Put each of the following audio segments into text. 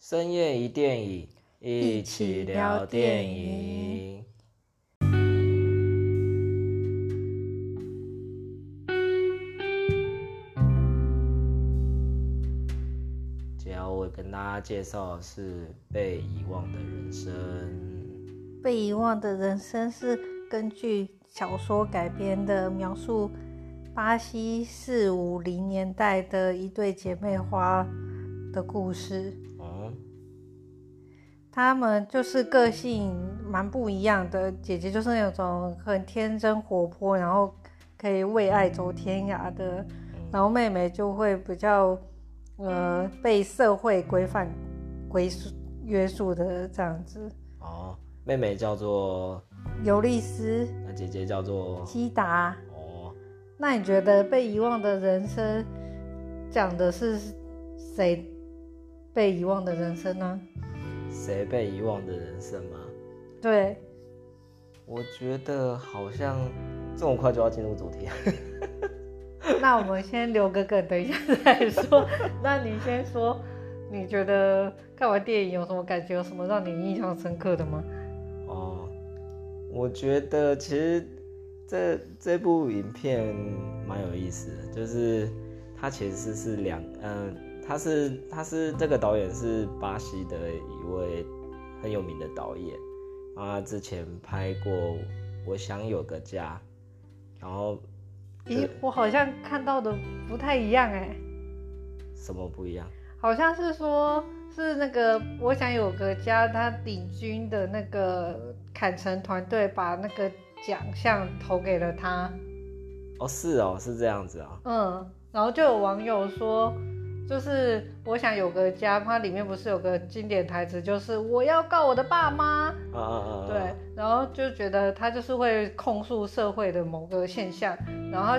深夜一電影，一起聊電影。接下來我跟大家介紹的是《被遺忘的人生》。《被遺忘的人生》是根據小說改編的，描述巴西四五零年代的一對姐妹花的故事。他們就是個性蠻不一樣的。姐姐就是那種很天真活潑，然後可以為愛走天涯的，嗯、然後妹妹就會比較呃被社會規範、規束、約束的這樣子。哦，妹妹叫做尤莉絲、嗯，那姐姐叫做姬達。哦，那你覺得《被遺忘的人生》講的是誰被遺忘的人生呢？誰被遺忘的人生嗎？對，我覺得好像這麼快就要進入主題， 那我們先留個梗，等一下再說。 那你先說，你覺得看完電影有什麼感覺？有什麼讓你印象深刻的嗎？哦，uh, 我覺得其實這這部影片蠻有意思的，就是它其實是兩嗯。呃他是他是這個導演是巴西的一位很有名的導演，他之前拍過《我想有個家》，然後咦，我好像看到的不太一樣哎、欸，什麼不一樣？好像是說，是那個《我想有個家》，他領軍的那個坎城團隊把那個獎項投給了他。哦，是哦，是這樣子啊、哦。嗯，然後就有網友說。就是我想有個家，它裡面不是有個經典台詞，就是我要告我的爸媽。啊啊啊！對，然後就覺得他就是會控訴社會的某個現象，然後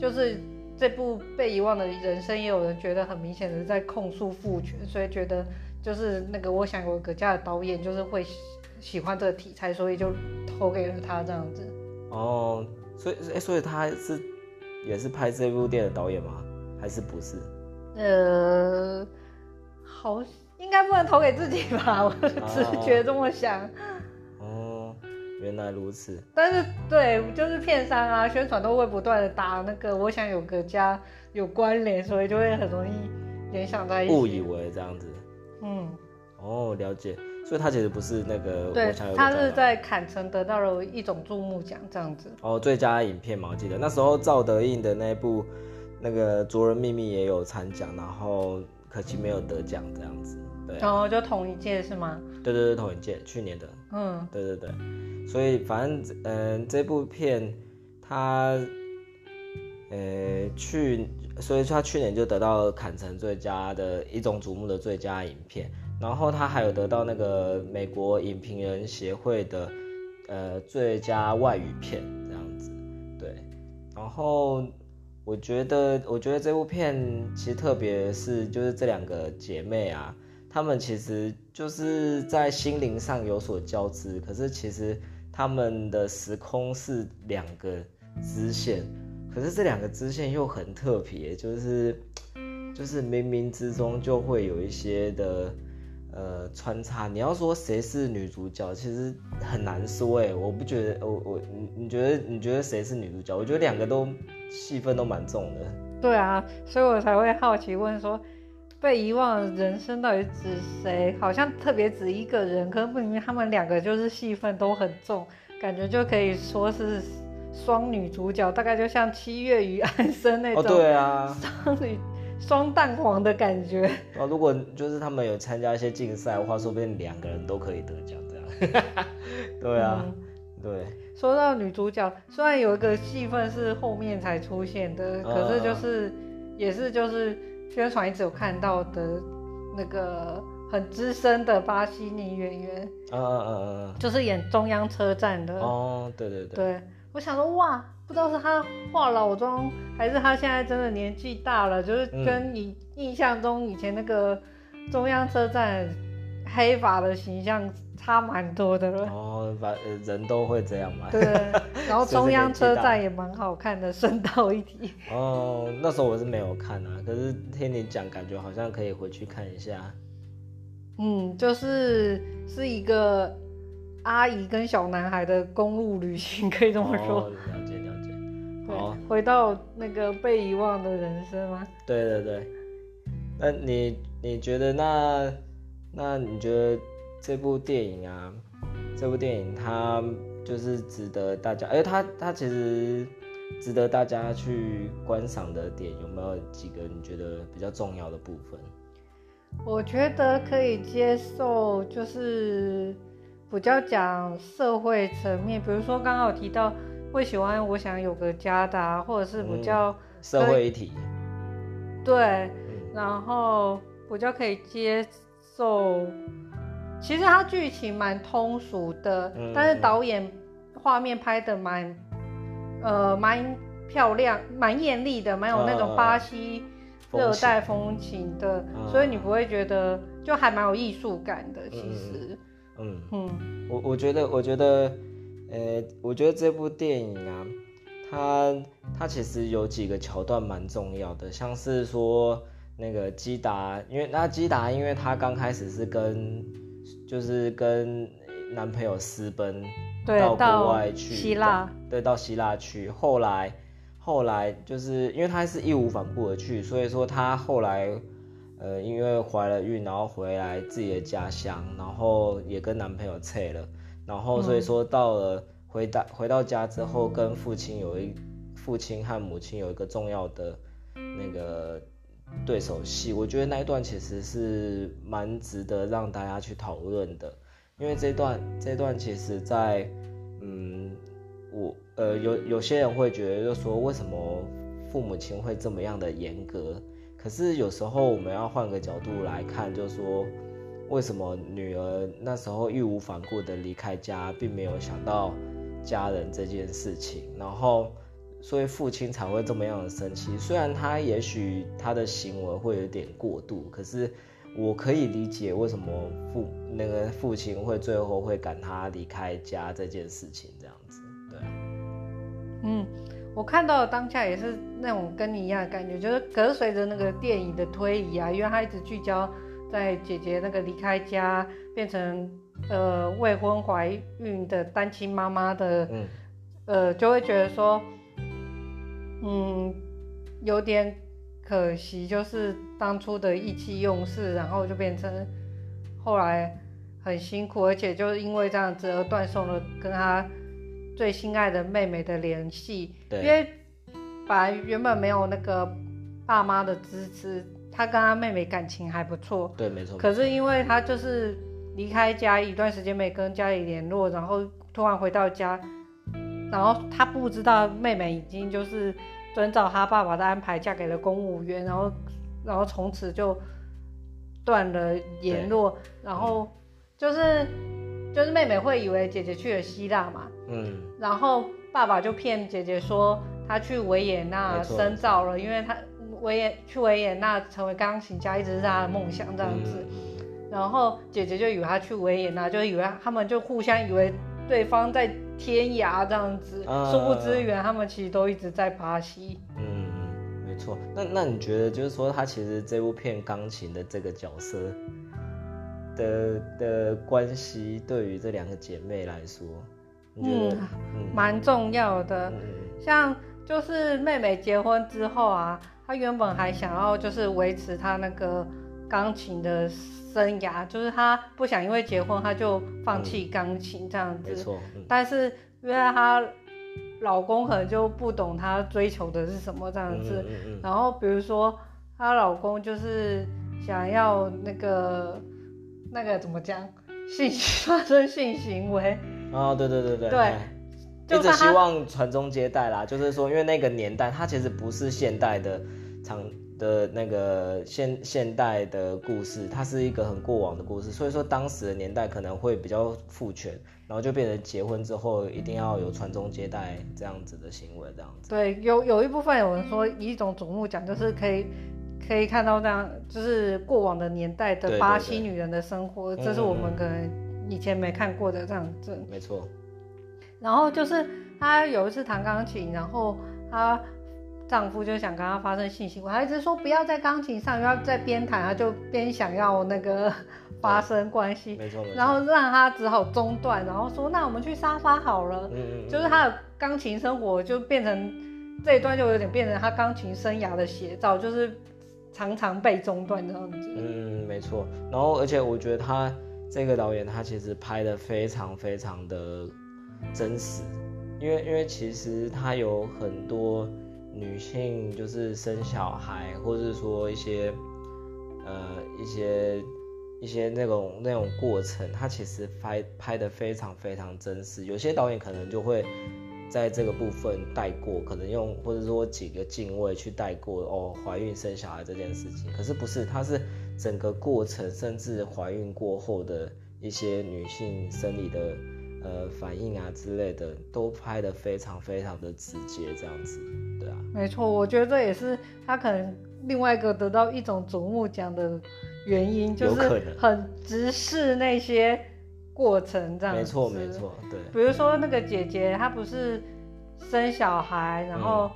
就是這部被遺忘的人生，也有人覺得很明顯的是在控訴父權，所以覺得就是那個我想有個家的導演就是會喜歡這個題材，所以就投給了他這樣子。哦，所以、欸、所以他是也是拍這部電影的導演嗎？還是不是？呃，好，應該不能投給自己吧？我直覺這麼想哦。哦，原來如此。但是對，就是片商啊，宣傳都會不斷的打那個，我想有個家有關聯，所以就會很容易聯想在一起，誤以為這樣子。嗯，哦，了解。所以他其實不是那個，我想有個家，對，他是在坎城得到了一種注目獎，這樣子。哦，最佳影片嘛，我記得那時候趙德胤的那一部。那個《灼人秘密》也有參獎，然後可惜沒有得獎這樣子。對，然後、哦、就同一屆是嗎？對對對，同一屆，去年的。嗯，對對對，所以反正嗯、呃，這部片它，呃，去，所以說它去年就得到了坎城最佳的一種注目的最佳影片，然後它還有得到那個美國影評人協會的，呃，最佳外語片這樣子。對，然後。我覺得，我覺得這部片其實，特別是就是這兩個姐妹啊，她們其實就是在心靈上有所交織，可是其實她們的時空是兩個支線，可是這兩個支線又很特別、欸，就是就是冥冥之中就會有一些的呃穿插。你要說誰是女主角，其實很難說哎、欸，我不覺得，我我你你覺得你覺得誰是女主角？我覺得兩個都。戲份都蠻重的，對啊，所以我才會好奇問說，被遺忘的人生到底指誰？好像特別指一個人，可不明明他們兩個就是戲份都很重，感覺就可以說是雙女主角，大概就像七月與安生那種。哦、對啊，雙女、雙蛋黃的感覺、哦。如果就是他們有參加一些競賽的話，說不定兩個人都可以得獎，這樣。 對啊。嗯對，說到女主角，雖然有一個戲份是後面才出現的，呃、可是就是也是就是宣傳一直有看到的，那個很資深的巴西女演員，呃、就是演中央車站的哦，呃、對，對對對，對，我想說哇，不知道是她化老妝，還是她現在真的年紀大了，就是跟你印象中以前那個中央車站黑髮的形象。差蠻多的咯。哦，反人都會這樣嘛。對，然後中央車站也蠻好看的，順道 一提。哦，那時候我是沒有看啊，可是聽你講，感覺好像可以回去看一下。嗯，就是是一個阿姨跟小男孩的公路旅行，可以這麼說。了解、哦、了解。好，回，哦、回到那個被遺忘的人生嗎？對對對。那、欸、你你覺得那那你覺得？這部電影啊，這部電影它就是值得大家，哎，它它其實值得大家去觀賞的點有沒有幾個？你覺得比較重要的部分？我覺得可以接受，就是比較講社會層面，比如說剛剛有提到會喜歡，我想有個家的、啊，或者是比較、嗯、社會議題。對，然後比較可以接受。其實它劇情蠻通俗的，嗯、但是導演畫面拍的蠻、嗯、呃蠻漂亮、蠻艷麗的，蠻有那種巴西熱帶風情的，風情嗯、所以你不會覺得就還蠻有藝術感的。其實，嗯，嗯，嗯我我覺得我覺得呃，我覺得這部電影啊，它它其實有幾個橋段蠻重要的，像是說那個姬達，因為那姬達因為他剛開始是跟就是跟男朋友私奔對到國外去，希臘，對，到希臘去。後來，後來就是因為他是義無反顧的去，嗯、所以說他後來，呃，因為懷了孕，然後回來自己的家鄉，然後也跟男朋友拆了，然後所以說到了、嗯、回到回到家之後，嗯、跟父親有一父親和母親有一個重要的那個。對手戲，我覺得那一段其實是蠻值得讓大家去討論的，因為這段這段其實在，在嗯，我呃有有些人會覺得，就說為什麼父母親會這麼樣的嚴格？可是有時候我們要換個角度來看，就說為什麼女兒那時候義無反顧的離開家，並沒有想到家人這件事情，然後。所以父親才會這麼樣的生氣。雖然他也許他的行為會有點過度，可是我可以理解為什麼父那個父親會最後會趕他離開家這件事情這樣子，對，嗯，我看到當下也是那種跟你一樣的感覺，就是隔隨着那個電影的推移啊，因為他一直聚焦在姐姐那個離開家變成呃未婚懷孕的單親媽媽的，嗯，呃，就會覺得說。嗯，有點可惜，就是當初的意氣用事，然後就變成後來很辛苦，而且就是因為這樣子而斷送了跟他最心愛的妹妹的聯繫。對，因為本來原本沒有那個爸媽的支持，他跟他妹妹感情還不錯。對，沒錯。可是因為他就是離開家一段時間沒跟家裡聯絡，然後突然回到家。然後他不知道妹妹已經就是遵照他爸爸的安排嫁給了公務員，然後，然後從此就斷了聯絡。對然後就是就是妹妹會以為姐姐去了希臘嘛，嗯，然後爸爸就騙姐姐說他去維也納深造了。錯因為他維也去維也納成為鋼琴家一直是他的夢想這樣子，嗯，然後姐姐就以為他去維也納，就以為他們就互相以為。對方在天涯這樣子，嗯、殊不知原，嗯、他們其實都一直在巴西。嗯，沒錯。那那你覺得，就是說，他其實這部片鋼琴的這個角色的的關係，對於這兩個姐妹來說，你覺得嗯，蠻、嗯、重要的。嗯、像就是妹妹結婚之後啊，她原本還想要就是維持她那個。鋼琴的生涯，就是她不想因為結婚，她、嗯、就放棄鋼琴這樣子。沒錯。嗯、但是因為她老公可能就不懂她追求的是什麼這樣子。嗯嗯嗯。然後比如說她老公就是想要那個那個怎麼講性發生性行為哦，對對對對。對，嘿就只他希望傳宗接代啦。就是說，因為那個年代，她其實不是現代的長。的那個現現代的故事，它是一個很過往的故事，所以說當時的年代可能會比較父權，然後就變成結婚之後一定要有傳宗接代這樣子的行為，這樣子。對，有有一部分有人說，以一種矚目講，就是可以、嗯、可以看到這樣，就是過往的年代的巴西女人的生活，對對對，這是我們可能以前沒看過的這樣子。沒錯、嗯。然後就是她有一次彈鋼琴，然後她。丈夫就想跟她發生性行為，我還一直說不要在鋼琴上，要在邊彈啊就邊想要那個發生關係、啊，沒錯。沒錯，然後讓他只好中斷，然後說那我們去沙發好了。嗯，就是他的鋼琴生活就變成、嗯、這一段，就有點變成他鋼琴生涯的寫照，就是常常被中斷這樣子。嗯，沒錯。然後而且我覺得他這個導演，他其實拍的非常非常的真實，因為因為其實他有很多。女性就是生小孩，或者說一些，呃，一些一些那種那種過程，它其實拍拍的非常非常真實。有些導演可能就會在這個部分帶過，可能用或者說幾個鏡位去帶過哦，懷孕生小孩這件事情。可是不是，它是整個過程，甚至懷孕過後的一些女性生理的呃反應啊之類的，都拍的非常非常的直接，這樣子。沒錯，我覺得這也是他可能另外一個得到一種注目獎的原因，就是很直視那些過程這樣子沒錯。沒錯沒錯，對。比如說那個姐姐，她不是生小孩，然後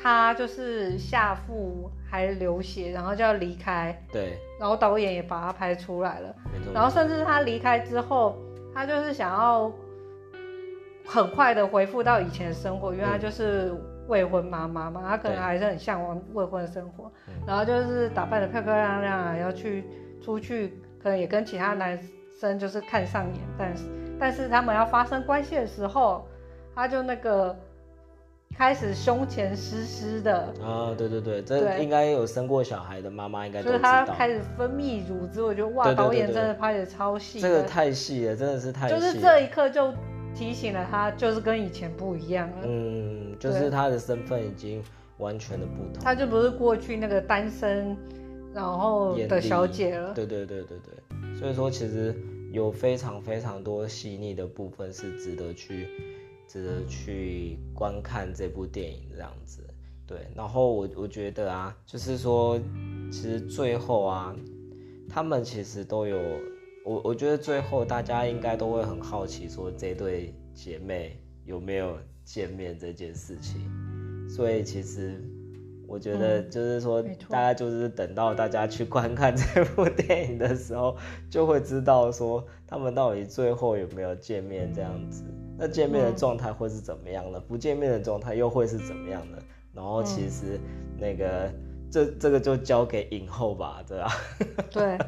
她就是下腹還流血，嗯、然後就要離開。對。然後導演也把她拍出來了。沒錯。然後甚至她離開之後，她就是想要很快的恢復到以前的生活，嗯、因為她就是。未婚媽媽嘛，她可能還是很嚮往未婚生活，對然後就是打扮的漂漂亮亮啊，要去出去，可能也跟其他男生就是看上眼，但是但是他們要發生關係的時候，她就那個開始胸前濕濕的啊，對對對，對，這應該有生過小孩的媽媽應該就是她開始分泌乳汁，我覺得哇，對對對對對，導演真的拍的超細的對對對對對，這個太細了，真的是太細了，就是這一刻就提醒了她，就是跟以前不一樣了，嗯。就是他的身份已經完全的不同，他就不是過去那個單身，然後的小姐了。對對對對對，所以說其實有非常非常多細膩的部分是值得去，值得去觀看這部電影這樣子。對，然後我我覺得啊，就是說其實最後啊，他們其實都有，我我覺得最後大家應該都會很好奇，說這對姐妹有沒有。見面這件事情，所以其實我覺得就是說，大概就是等到大家去觀看這部電影的時候，就會知道說他們到底最後有沒有見面這樣子。嗯、那見面的狀態會是怎麼樣呢？嗯、不見面的狀態又會是怎麼樣呢？然後其實那個這、嗯、這個就交給影后吧，對吧、啊？對，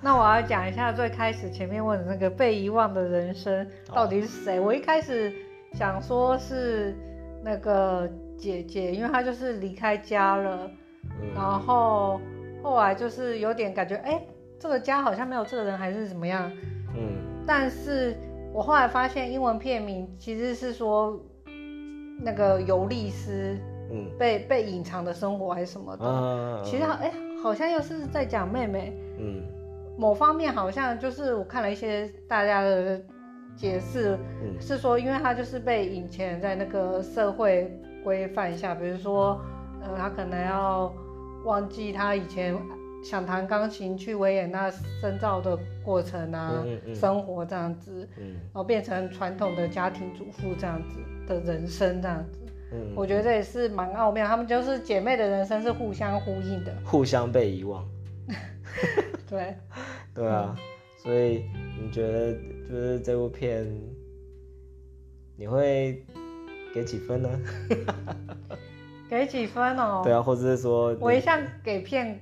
那我要講一下最開始前面問的那個被遺忘的人生到底是誰？好我一開始想說是那個姐姐，因為她就是離開家了，嗯、然後後來就是有點感覺，哎、欸，這個家好像沒有這個人還是怎麼樣。嗯，但是我後來發現英文片名其實是說那個尤莉絲，被被隱藏的生活還是什麼的。啊啊啊啊啊，其實，哎、欸，好像又是在講妹妹。嗯，某方面好像就是我看了一些大家的。解釋是說，因為他就是被以前在那個社會規範下，比如說，呃，他可能要忘記他以前想彈鋼琴去維也納深造的過程啊，嗯嗯嗯，生活這樣子，然後變成傳統的家庭主婦這樣子的人生這樣子。嗯嗯，我覺得這也是蠻奧妙，他們就是姐妹的人生是互相呼應的，互相被遺忘。 對，對啊。所以你覺得就是這部片，你會給幾分呢？ 給幾分哦？對啊，或者是說……我一向給片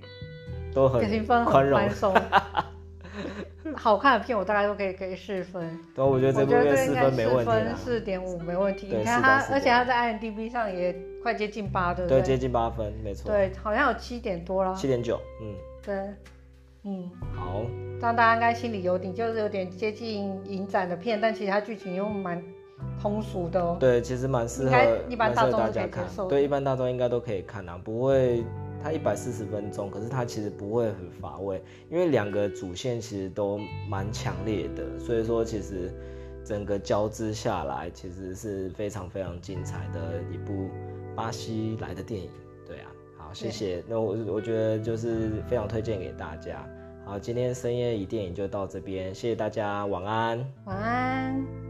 都很寬給分很寬鬆， 好看的片我大概都可以給四分。對、 啊，我覺得這部片應該四分四點五沒問題。4 4你看它，而且它在 IMDb 上也快接近八，對不對？對，接近八分，沒錯。對，好像有七點多了。七點九，嗯。對，嗯。好。讓大家應該心裡有底，就是有點接近影展的片，但其實它劇情又蠻通俗的哦。對，其實蠻適合一般大眾可以看。對，一般大眾應該都可以看啊，不會。它一百四十分鐘，可是它其實不會很乏味，因為兩個主線其實都蠻強烈的，所以說其實整個交織下來，其實是非常非常精彩的一部巴西來的電影。對啊，好，謝謝。對那我我覺得就是非常推薦給大家。好，今天深夜一電影就到這邊，謝謝大家，晚安，晚安。